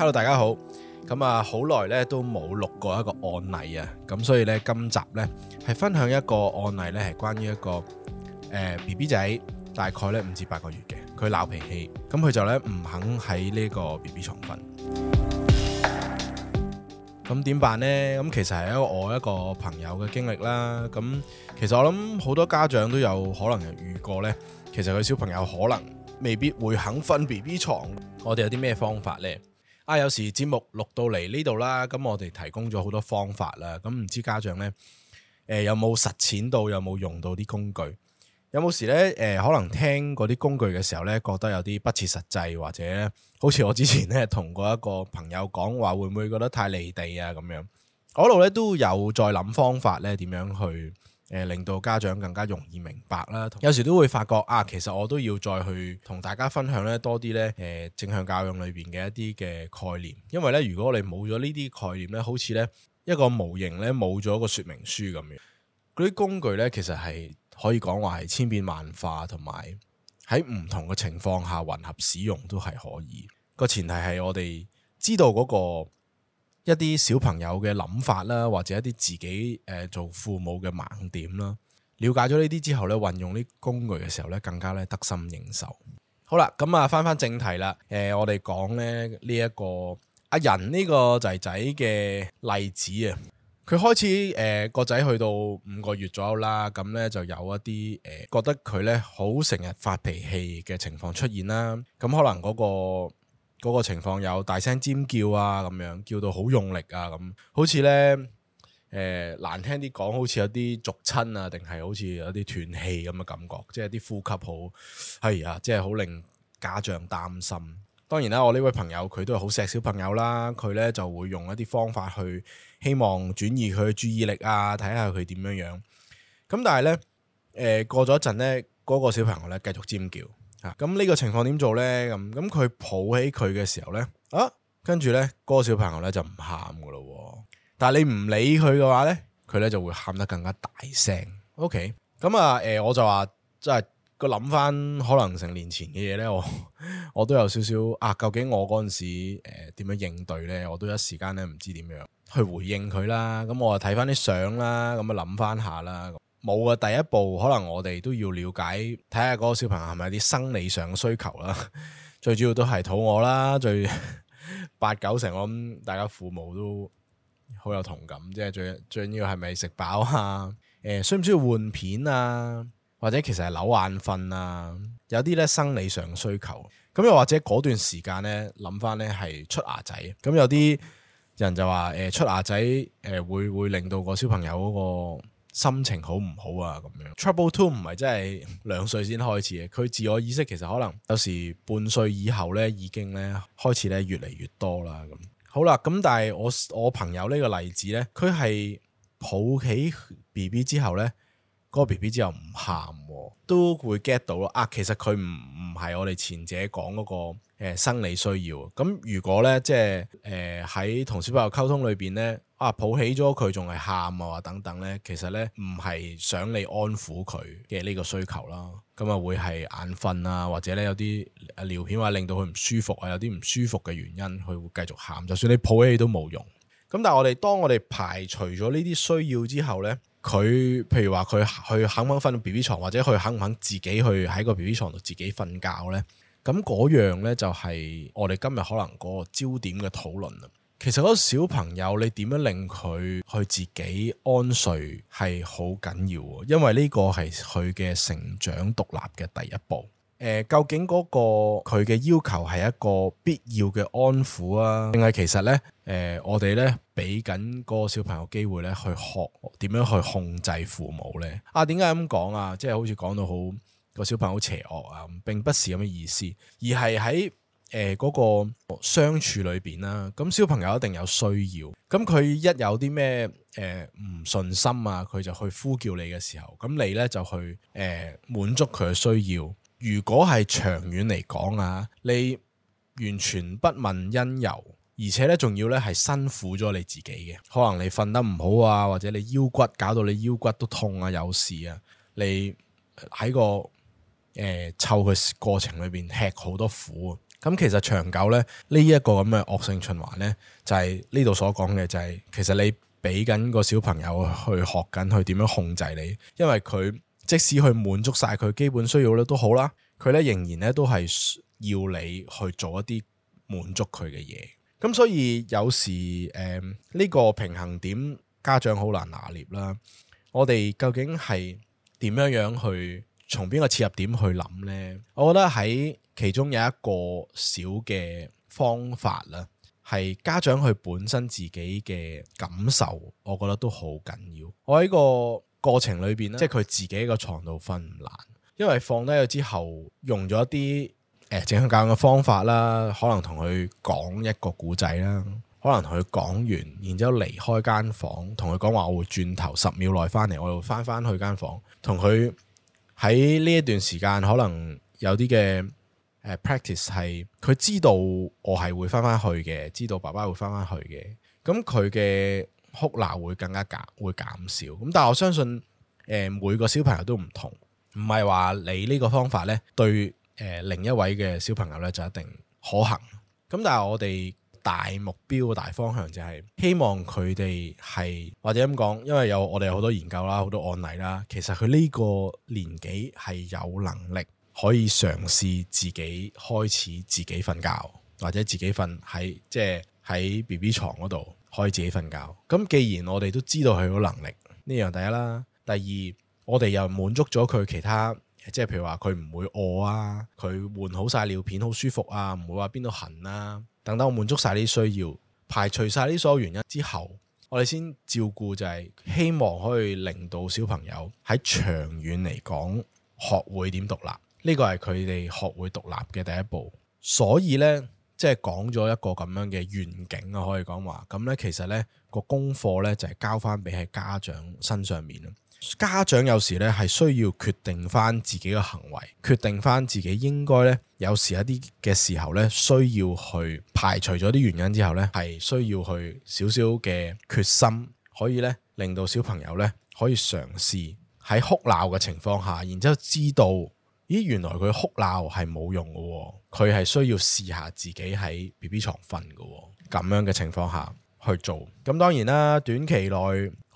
Hello，大家好。咁啊，好耐呢都冇錄過一個案例啊。咁所以呢，今集呢係分享一個案例呢係關於一個誒、呃、B B 仔，大概呢五至八個月嘅，佢鬧脾氣，咁佢就呢唔肯喺呢個 B B 床瞓。咁點辦呢？咁其實係一個我一個朋友嘅經歷啦。咁其實我諗好多家長都有可能遇過呢，其實佢小朋友可能未必會肯瞓 B B 床，我哋有啲咩方法呢？啊！有時節目錄到嚟呢度啦，咁、嗯、我哋提供咗好多方法啦。咁、嗯、唔知家長呢，誒、呃、有冇實踐到，有冇用到啲工具？有冇時呢，誒、呃、可能聽嗰啲工具嘅時候呢，覺得有啲不切實際，或者好似我之前呢，同過一個朋友講話，會唔會覺得太離地啊？咁樣，我一路呢都有再諗方法呢，點樣去。誒，令到家長更加容易明白啦，有時都會發覺啊，其實我都要再去同大家分享咧多啲咧，誒正向教養裏邊嘅一啲嘅概念，因為咧如果你冇咗呢啲概念咧，好似咧一個模型咧冇咗個説明書咁樣，嗰啲工具咧其實係可以講話係千變萬化，同埋喺唔同嘅情況下混合使用都係可以，個前提係我哋知道嗰個。一啲小朋友嘅諗法啦，或者一啲自己誒、呃、做父母嘅盲點啦，了解咗呢啲之後呢，運用呢工具嘅時候呢，更加咧得心應手。好啦，咁、嗯、啊，返返正題啦。誒、呃，我哋講咧呢一個阿仁呢個仔仔嘅例子啊，佢開始誒個仔去到五個月左右啦，咁呢，就有一啲誒、呃、覺得佢呢好成日發脾氣嘅情況出現啦，咁可能嗰、那個。嗰個情況有大聲尖叫啊，咁樣叫到好用力啊，咁好似呢，誒、呃、難聽啲講，好似有啲俗親啊，定係好似有啲斷氣咁嘅感覺，即係啲呼吸好，係啊，即係好令家長擔心。當然啦、啊，我呢位朋友佢都係好錫小朋友啦，佢呢就會用一啲方法去希望轉移佢嘅注意力啊，睇下佢點樣樣。咁但係呢，誒、呃、過咗一陣呢，嗰、那個小朋友呢繼續尖叫。吓，咁呢個情況點做呢？咁咁佢抱起佢嘅時候呢，啊，跟住呢嗰、嗰個小朋友呢就唔喊噶咯。但係你唔理佢嘅話呢，佢呢就會喊得更加大聲。OK，咁、嗯、啊，誒、呃，我就話即係個諗翻可能成年前嘅嘢呢，我我都有少少啊。究竟我嗰陣時誒點樣應對咧？我都有一時間呢唔知點樣去回應佢啦。咁、嗯、我啊睇翻啲相啦，咁啊諗翻下啦。冇嘅第一步，可能我哋都要了解，睇下嗰個小朋友係咪啲生理上嘅需求啦。最主要都係肚餓啦，最八九成，我諗大家父母都好有同感。即係最最要係咪食飽啊？誒，需唔需要換片啊？或者其實係扭眼瞓啊？有啲咧生理上嘅需求。咁又或者嗰段時間咧，諗翻咧係出牙仔。咁有啲人就話誒出牙仔誒會會，會令到個小朋友嗰個。心情好唔好啊？咁樣 Trouble Two 唔係真係兩歲先開始嘅，佢自我意識其實可能有時半歲以後呢已經呢開始呢越嚟越多啦。咁好啦，咁但係我我朋友呢個例子呢，佢係抱起 BB 之後呢，嗰個 BB 之後唔喊，啊，都會 get 到咯。啊，其實佢唔唔係我哋前者講嗰、嗰個、呃、生理需要。咁、啊、如果呢，即係喺、呃、同小朋友溝通裏邊呢。啊！抱起咗佢仲係喊啊！等等呢。其實呢，唔係想你安撫佢嘅呢個需求啦，咁、嗯、啊會係眼瞓啊，或者呢有啲尿片啊令到佢唔舒服啊，有啲唔舒服嘅原因，佢會繼續喊。就算你抱起都冇用。咁、嗯、但係我哋當我哋排除咗呢啲需要之後呢，佢譬如話佢去肯唔肯瞓到 B B 床，或者佢肯唔肯自己去喺個 B B 床度自己瞓覺呢？咁、嗯、嗰樣呢，就係、是、我哋今日可能嗰個焦點嘅討論。其實嗰個小朋友，你點樣令佢去自己安睡係好緊要，因為呢個係佢嘅成長獨立嘅第一步。呃、究竟嗰、嗰個佢嘅要求係一個必要嘅安撫啊，定係其實呢，誒、呃，我哋呢俾緊個小朋友機會呢去學點樣去控制父母呢？啊，點解咁講啊？即、就、係、是、好似講到好個小朋友好邪惡啊，並不是咁嘅意思，而係喺。誒嗰、呃那個相處裏邊啦，咁小朋友一定有需要，咁佢一有啲咩誒唔順心啊，佢就去呼叫你嘅時候，咁你呢，就去誒、呃、滿足佢嘅需要。如果係長遠嚟講啊，你完全不問因由，而且呢，仲要呢係辛苦咗你自己嘅，可能你瞓得唔好啊，或者你腰骨搞到你腰骨都痛啊，有事啊，你喺個誒湊佢過程裏邊吃好多苦，啊。咁其實長久咧，呢、這、一個咁嘅惡性循環呢，就係呢度所講嘅、就係，就係其實你俾緊個小朋友去學緊去點樣控制你，因為佢即使去滿足晒佢基本需要咧都好啦，佢咧仍然咧都係要你去做一啲滿足佢嘅嘢。咁所以有時誒呢、呃這個平衡點家長好難拿捏啦。我哋究竟係點樣樣去？從邊個切入點去諗呢？我覺得喺其中有一個小嘅方法啦，係家長佢本身自己嘅感受，我覺得都好緊要。我喺個過程裏邊咧，即係佢自己喺個牀度瞓唔難，因為放低咗之後，用咗一啲誒正向教養嘅方法啦，可能同佢講一個故仔啦，可能同佢講完，然之後離開間房，同佢講話，我會轉頭十秒內翻嚟，我又翻翻去間房同佢。喺呢一段時間，可能有啲嘅 practice 係佢知道我係會翻返去嘅，知道爸爸會翻返去嘅，咁佢嘅哭鬧會更加減會減少。咁但係我相信誒每個小朋友都唔同，唔係話你呢個方法呢對誒另一位嘅小朋友呢就一定可行。咁但係我哋，大目標、大方向就係希望佢哋係或者咁講，因為有我哋有好多研究啦，好多案例啦，其實佢呢個年紀係有能力可以嘗試自己開始自己瞓覺，或者自己瞓喺即係喺 BB 床嗰度可以自己瞓覺。咁既然我哋都知道佢有能力，呢樣第一啦，第二我哋又滿足咗佢其他，即係譬如話佢唔會餓啊，佢換好晒尿片好舒服啊，唔會話邊度痕啊。等我滿足晒呢啲需要，排除晒呢所有原因之後，我哋先照顧就係希望可以令到小朋友喺長遠嚟講學會點獨立，呢、這個係佢哋學會獨立嘅第一步。所以呢，即係講咗一個咁樣嘅願景啊，可以講話。咁呢其實呢個功課呢，就係交翻俾喺家長身上面。家長有時咧係需要決定翻自己嘅行為，決定翻自己應該咧有時一啲嘅時候咧需要去排除咗啲原因之後咧係需要去少少嘅決心，可以咧令到小朋友咧可以嘗試喺哭鬧嘅情況下，然之後知道咦原來佢哭鬧係冇用嘅，佢係需要試下自己喺 BB 床瞓嘅，咁樣嘅情況下。去做咁，當然啦，短期內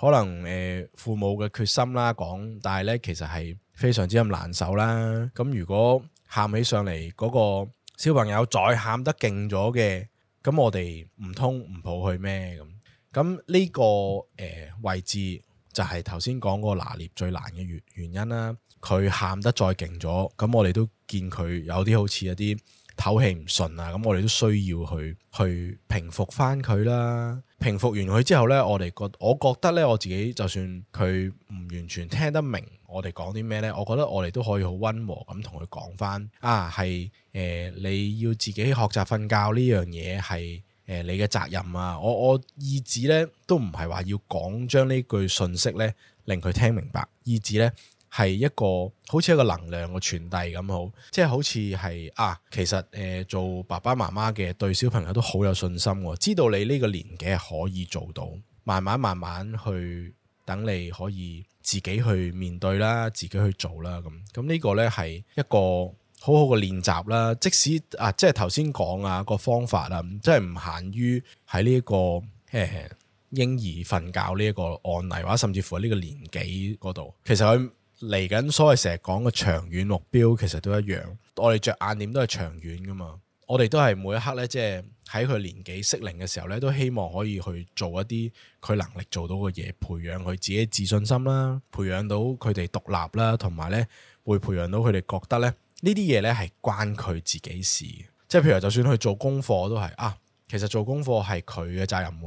可能誒、呃、父母嘅決心啦講，但係呢其實係非常之咁難受啦。咁如果喊起上嚟嗰、那個小朋友再喊得勁咗嘅，咁我哋唔通唔抱佢咩咁？咁呢、這個誒、呃、位置就係頭先講個拿捏最難嘅原原因啦。佢喊得再勁咗，咁我哋都見佢有啲好似一啲唞氣唔順啊，咁我哋都需要去去平復翻佢啦。平復完佢之後呢，我哋覺我覺得呢，我自己就算佢唔完全聽得明我哋講啲咩呢，我覺得我哋都可以好温和咁同佢講翻啊，係誒、呃、你要自己學習瞓覺呢樣嘢係誒你嘅責任啊。我我意志呢都唔係話要講將呢句信息呢令佢聽明白，意志呢。係一個好似一個能量嘅傳遞咁好，即係好似係啊，其實誒、呃、做爸爸媽媽嘅對小朋友都好有信心，知道你呢個年紀係可以做到，慢慢慢慢去等你可以自己去面對啦，自己去做啦，咁咁呢個呢係一個好好嘅練習啦。即使啊，即係頭先講啊個方法啊，即係唔限於喺呢一個誒嬰兒瞓覺呢一個案例或者甚至乎喺呢個年紀嗰度，其實佢。嚟緊所謂成日講嘅長遠目標，其實都一樣。我哋着眼點都係長遠噶嘛。我哋都係每一刻呢，即係喺佢年紀適齡嘅時候呢，都希望可以去做一啲佢能力做到嘅嘢，培養佢自己自信心啦，培養到佢哋獨立啦，同埋呢會培養到佢哋覺得呢呢啲嘢呢係關佢自己事。即係譬如就算去做功課都係啊，其實做功課係佢嘅責任，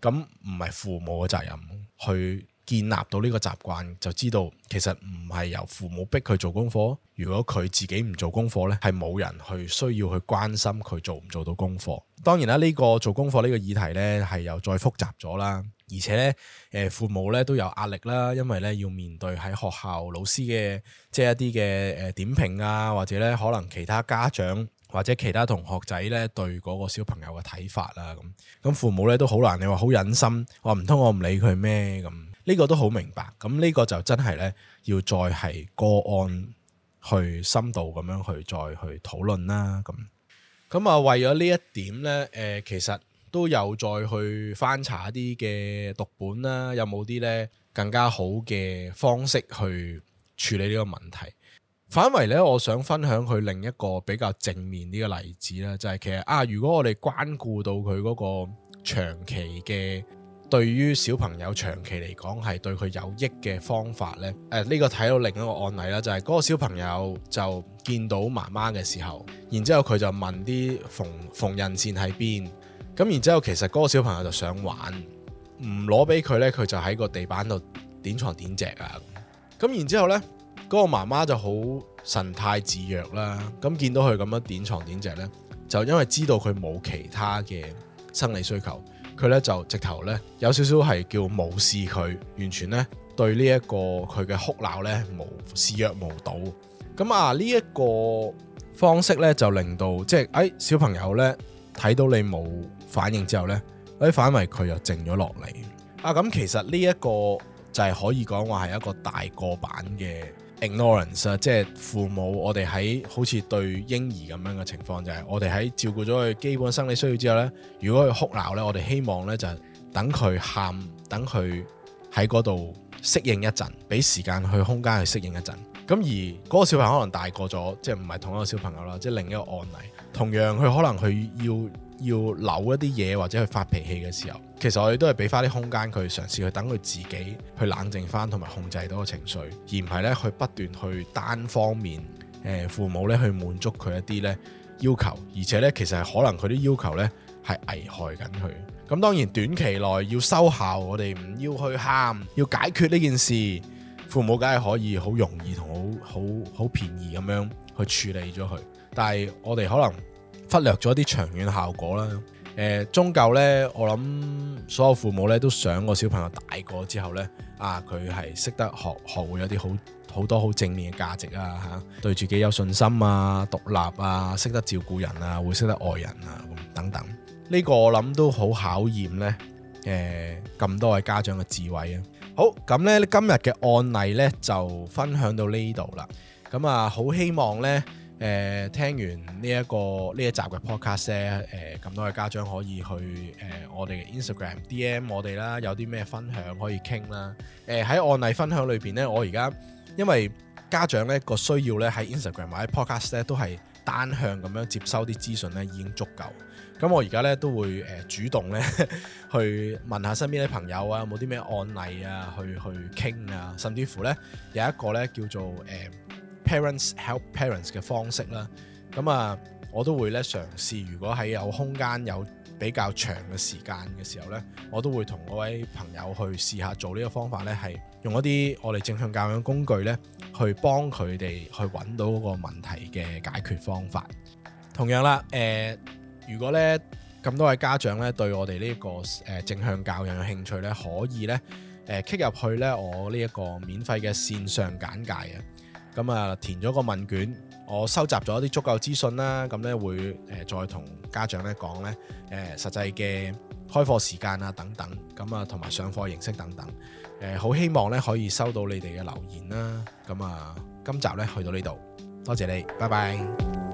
咁唔係父母嘅責任去。建立到呢個習慣，就知道其實唔係由父母逼佢做功課。如果佢自己唔做功課呢，係冇人去需要去關心佢做唔做到功課。當然啦，呢個做功課呢個議題呢係又再複雜咗啦。而且誒父母呢都有壓力啦，因為呢要面對喺學校老師嘅即係一啲嘅誒點評啊，或者呢可能其他家長或者其他同學仔呢對嗰個小朋友嘅睇法啊咁。咁父母呢都好難，你話好忍心，我唔通我唔理佢咩咁？呢個都好明白，咁呢個就真係呢，要再係個案去深度咁樣去再去討論啦。咁咁啊為咗呢一點呢，誒、呃、其實都有再去翻查一啲嘅讀本啦，有冇啲呢更加好嘅方式去處理呢個問題？反而呢，我想分享佢另一個比較正面啲嘅例子啦，就係、是、其實啊，如果我哋關顧到佢嗰個長期嘅。對於小朋友長期嚟講係對佢有益嘅方法呢，誒、呃、呢、這個睇到另一個案例啦，就係、是、嗰個小朋友就見到媽媽嘅時候，然之後佢就問啲縫紉線喺邊，咁然之後其實嗰個小朋友就想玩，唔攞俾佢呢，佢就喺個地板度點床點席啊，咁然之後呢，嗰、那個媽媽就好神態自若啦，咁見到佢咁樣點床點席呢，就因為知道佢冇其他嘅生理需求。.佢咧就直頭咧有少少係叫無視佢，完全咧對呢一個佢嘅哭鬧咧無視若無睹。咁啊呢一個方式咧就令到即係誒、哎、小朋友咧睇到你冇反應之後咧，啲反為佢又靜咗落嚟。啊咁，其實呢一個就係可以講話係一個大個版嘅。Ignorance 即係父母我，我哋喺好似對嬰兒咁樣嘅情況，就係我哋喺照顧咗佢基本生理需要之後呢，如果佢哭鬧呢，我哋希望呢，就係等佢喊，等佢喺嗰度適應一陣，俾時間去空間去適應一陣。咁而嗰個小朋友可能大個咗，即係唔係同一個小朋友啦，即係另一個案例，同樣佢可能佢要。要扭一啲嘢，或者去發脾氣嘅時候，其實我哋都係俾翻啲空間，佢，嘗試去等佢自己去冷靜翻，同埋控制到個情緒，而唔係咧去不斷去單方面誒父母咧去滿足佢一啲咧要求，而且咧其實係可能佢啲要求咧係危害緊佢。咁當然短期內要收效，我哋唔要去喊，要解決呢件事，父母梗係可以好容易同好好好便宜咁樣去處理咗佢。但係我哋可能。忽略咗一啲長遠效果啦，誒、呃，終究呢，我諗所有父母呢，都想個小朋友大個之後呢，啊，佢係識得學學會有啲好好多好正面嘅價值啊吓、啊，對自己有信心啊，獨立啊，識得照顧人啊，會識得愛人啊，咁等等，呢、這個我諗都好考驗呢誒，咁、呃、多位家長嘅智慧啊。好，咁呢，今日嘅案例呢，就分享到呢度啦，咁啊，好希望呢。誒、呃、聽完呢、這、一個呢一集嘅 podcast 咁、呃、多位家長可以去誒、呃、我哋嘅 Instagram DM 我哋啦，有啲咩分享可以傾啦。誒、呃、喺案例分享裏邊呢，我而家因為家長呢個需要呢，喺 Instagram 或者 podcast 呢都係單向咁樣接收啲資訊呢已經足夠。咁我而家呢都會誒主動呢去問下身邊啲朋友啊，有冇啲咩案例啊去去傾啊，甚至乎呢，有一個呢叫做誒。呃 Parents help parents 嘅方式啦，咁啊，我都會咧嘗試。如果喺有空間有比較長嘅時間嘅時候咧，我都會同嗰位朋友去試下做呢個方法咧，係用一啲我哋正向教養工具咧，去幫佢哋去揾到嗰個問題嘅解決方法。同樣啦，誒、呃，如果咧咁多位家長咧對我哋呢一個、呃、正向教養嘅興趣咧，可以咧誒 click 入去咧我呢一個免費嘅線上簡介啊。咁啊，填咗個問卷，我收集咗一啲足夠資訊啦，咁呢，會誒再同家長呢講呢誒實際嘅開課時間啊等等，咁啊同埋上課形式等等，誒好希望呢，可以收到你哋嘅留言啦，咁啊今集呢，去到呢度多謝你，拜拜。